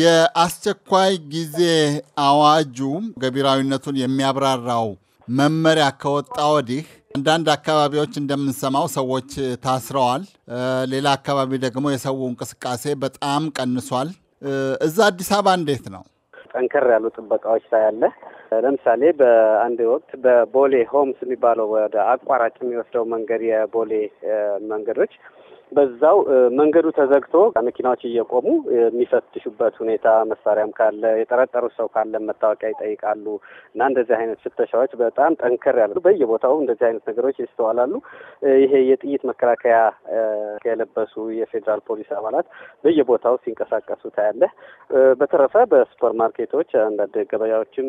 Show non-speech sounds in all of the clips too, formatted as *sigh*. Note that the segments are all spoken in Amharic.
የአስቸኳይ ጊዜ አዋጁ ገቢራዊነቱን የሚያብራራው መመሪያ ከወጣ ወዲህ አንዳንድ አካባቢዎች እንደምንሰማው ሰዎች ታስረዋል። ሌላ አካባቢ ደግሞ የሰው እንቅስቃሴ በጣም ቀንሷል። እዛ አዲስ አበባ እንዴት ነው? ጠንከር ያሉ ጥበቃዎች ታያለ። ለምሳሌ በአንድ ወቅት በቦሌ ሆምስ የሚባለው ወደ አቋራጭ የሚወስደው መንገድ የቦሌ መንገዶች በዛው መንገዱ ተዘግቶ መኪናዎች እየቆሙ የሚፈትሹበት ሁኔታ መሳሪያም ካለ የጠረጠሩ ሰው ካለ መታወቂያ ይጠይቃሉ እና እንደዚህ አይነት ፍተሻዎች በጣም ጠንከር ያሉ በየቦታው እንደዚህ አይነት ነገሮች ይስተዋላሉ። ይሄ የጥይት መከላከያ የለበሱ የፌዴራል ፖሊስ አባላት በየቦታው ሲንቀሳቀሱ ታያለህ። በተረፈ በሱፐር ማርኬቶች፣ አንዳንድ ገበያዎችም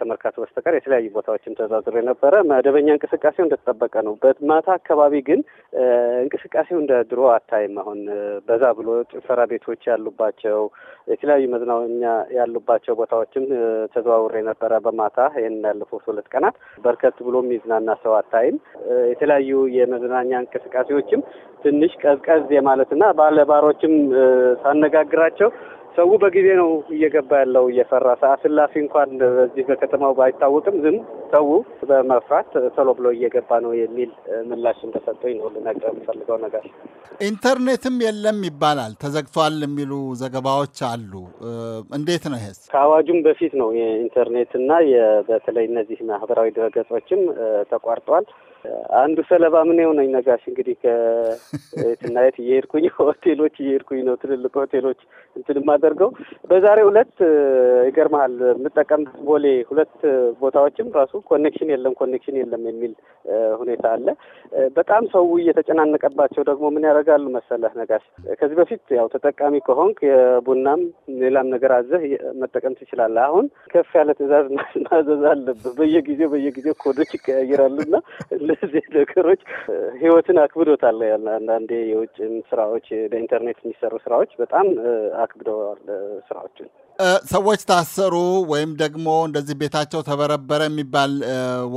ከመርካቶ በስተቀር የተለያዩ ቦታዎችም ተዛዝሮ የነበረ መደበኛ እንቅስቃሴው እንደተጠበቀ ነው። በማታ አካባቢ ግን እንቅስቃሴው እንደ ድሮ አታይም። አሁን በዛ ብሎ ጭፈራ ቤቶች ያሉባቸው የተለያዩ መዝናኛ ያሉባቸው ቦታዎችም ተዘዋውሬ ነበረ በማታ ይህን ያለፉት ሁለት ቀናት በርከት ብሎ የሚዝናና ሰው አታይም። የተለያዩ የመዝናኛ እንቅስቃሴዎችም ትንሽ ቀዝቀዝ የማለትና ባለባሮችም ሳነጋግራቸው ሰው በጊዜ ነው እየገባ ያለው እየፈራ ሰዓት እላፊ እንኳን በዚህ በከተማው ባይታወቅም ዝም ሰው በመፍራት ቶሎ ብሎ እየገባ ነው የሚል ምላሽ እንደሰጠኝ ነው ልነግርህ የምፈልገው ነገር። ኢንተርኔትም የለም ይባላል ተዘግቷል የሚሉ ዘገባዎች አሉ። እንዴት ነው ይሄስ? ከአዋጁም በፊት ነው የኢንተርኔትና በተለይ እነዚህ ማህበራዊ ድረገጾችም ተቋርጧል። አንዱ ሰለባ ምን የሆነኝ ነጋሽ እንግዲህ ከየትና የት እየሄድኩኝ *laughs* ሆቴሎች እየሄድኩኝ ነው ትልልቅ ሆቴሎች እንትን የምታደርገው። በዛሬ ዕለት ይገርመሃል የምጠቀምት ቦሌ ሁለት ቦታዎችም ራሱ ኮኔክሽን የለም ኮኔክሽን የለም የሚል ሁኔታ አለ። በጣም ሰው እየተጨናነቀባቸው ደግሞ ምን ያደርጋሉ መሰለህ ነጋሽ፣ ከዚህ በፊት ያው ተጠቃሚ ከሆንክ የቡናም ሌላም ነገር አዘህ መጠቀም ትችላለህ። አሁን ከፍ ያለ ትዕዛዝ ማዘዝ አለብህ። በየጊዜው በየጊዜው ኮዶች ይቀያይራሉና እነዚህ ነገሮች ህይወትን አክብዶታል። አንዳንዴ የውጭ ስራዎች በኢንተርኔት የሚሰሩ ስራዎች በጣም አክብደው አድርገዋል ስራዎችን። ሰዎች ታሰሩ ወይም ደግሞ እንደዚህ ቤታቸው ተበረበረ የሚባል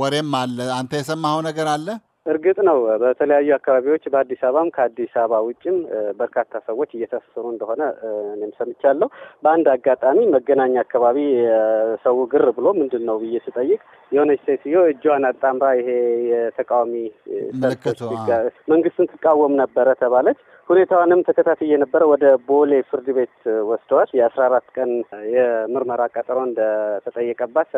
ወሬም አለ። አንተ የሰማኸው ነገር አለ? እርግጥ ነው በተለያዩ አካባቢዎች በአዲስ አበባም ከአዲስ አበባ ውጭም በርካታ ሰዎች እየታሰሩ እንደሆነ እኔም ሰምቻለሁ። በአንድ አጋጣሚ መገናኛ አካባቢ ሰው ግር ብሎ ምንድን ነው ብዬ ስጠይቅ የሆነች ሴትዮ እጇን አጣምራ ይሄ የተቃዋሚ መንግስትን ትቃወም ነበረ ተባለች። ሁኔታዋንም ተከታትዬ ነበረ። ወደ ቦሌ ፍርድ ቤት ወስደዋል። የአስራ አራት ቀን የምርመራ ቀጠሮ እንደተጠየቀባት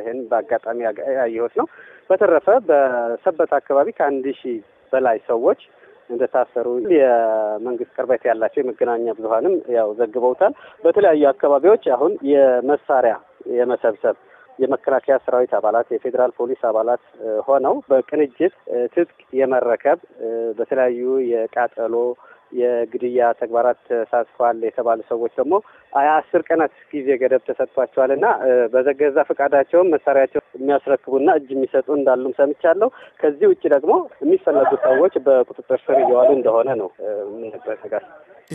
ይህን በአጋጣሚ ያየሁት ነው። በተረፈ በሰበት አካባቢ ከአንድ ሺህ በላይ ሰዎች እንደታሰሩ የመንግስት ቅርበት ያላቸው የመገናኛ ብዙኃንም ያው ዘግበውታል። በተለያዩ አካባቢዎች አሁን የመሳሪያ የመሰብሰብ የመከላከያ ሰራዊት አባላት፣ የፌዴራል ፖሊስ አባላት ሆነው በቅንጅት ትጥቅ የመረከብ በተለያዩ የቃጠሎ የግድያ ተግባራት ተሳትፏል የተባሉ ሰዎች ደግሞ አስር ቀናት ጊዜ ገደብ ተሰጥቷቸዋል እና በዘገዛ ፈቃዳቸውን መሳሪያቸው የሚያስረክቡና እጅ የሚሰጡ እንዳሉም ሰምቻለሁ። ከዚህ ውጭ ደግሞ የሚፈለጉ ሰዎች በቁጥጥር ስር እየዋሉ እንደሆነ ነው የምነግረው ነገር።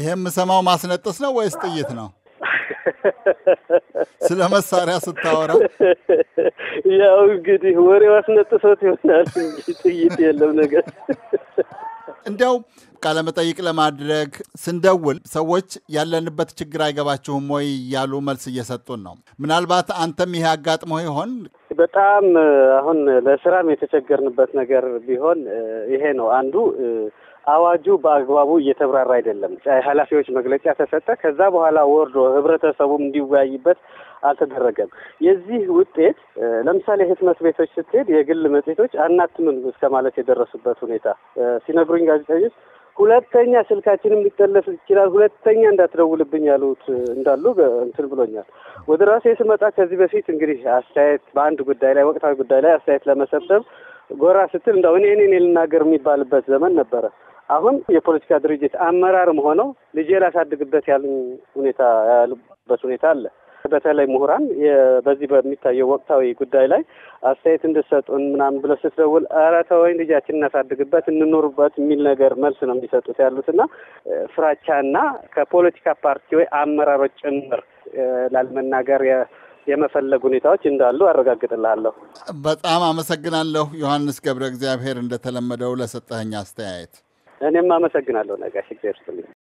ይሄ የምሰማው ማስነጠስ ነው ወይስ ጥይት ነው? *laughs* ስለ መሳሪያ ስታወራ ያው እንግዲህ ወሬው አስነጥሶት ይሆናል እንጂ ጥይት የለም ነገር እንዲያው ቃለመጠይቅ ለማድረግ ስንደውል ሰዎች ያለንበት ችግር አይገባችሁም ወይ እያሉ መልስ እየሰጡን ነው። ምናልባት አንተም ይሄ አጋጥሞ ይሆን? በጣም አሁን ለስራም የተቸገርንበት ነገር ቢሆን ይሄ ነው አንዱ አዋጁ በአግባቡ እየተብራራ አይደለም። ኃላፊዎች መግለጫ ተሰጠ። ከዛ በኋላ ወርዶ ህብረተሰቡም እንዲወያይበት አልተደረገም። የዚህ ውጤት ለምሳሌ ህትመት ቤቶች ስትሄድ የግል መጽሔቶች አናትምም እስከ ማለት የደረሱበት ሁኔታ ሲነግሩኝ ጋዜጠኞች ሁለተኛ ስልካችንም ሊጠለፍ ይችላል፣ ሁለተኛ እንዳትደውልብኝ ያሉት እንዳሉ እንትን ብሎኛል። ወደ ራሴ ስመጣ ከዚህ በፊት እንግዲህ አስተያየት በአንድ ጉዳይ ላይ ወቅታዊ ጉዳይ ላይ አስተያየት ለመሰብሰብ ጎራ ስትል እንደው እኔ እኔ ልናገር የሚባልበት ዘመን ነበረ። አሁን የፖለቲካ ድርጅት አመራርም ሆነው ልጄ ላሳድግበት ያሉኝ ሁኔታ ያሉበት ሁኔታ አለ። በተለይ ምሁራን በዚህ በሚታየው ወቅታዊ ጉዳይ ላይ አስተያየት እንድሰጡን ምናምን ብለ ስትደውል ኧረ ተወኝ ልጃችን እናሳድግበት እንኖርበት የሚል ነገር መልስ ነው የሚሰጡት ያሉትና ፍራቻና ከፖለቲካ ፓርቲ ወይ አመራሮች ጭምር ላልመናገር የመፈለግ ሁኔታዎች እንዳሉ አረጋግጥልሃለሁ። በጣም አመሰግናለሁ ዮሐንስ ገብረ እግዚአብሔር እንደተለመደው ለሰጠኸኝ አስተያየት። እኔም አመሰግናለሁ ነጋሽ፣ እግዚአብሔር ይስጥልኝ።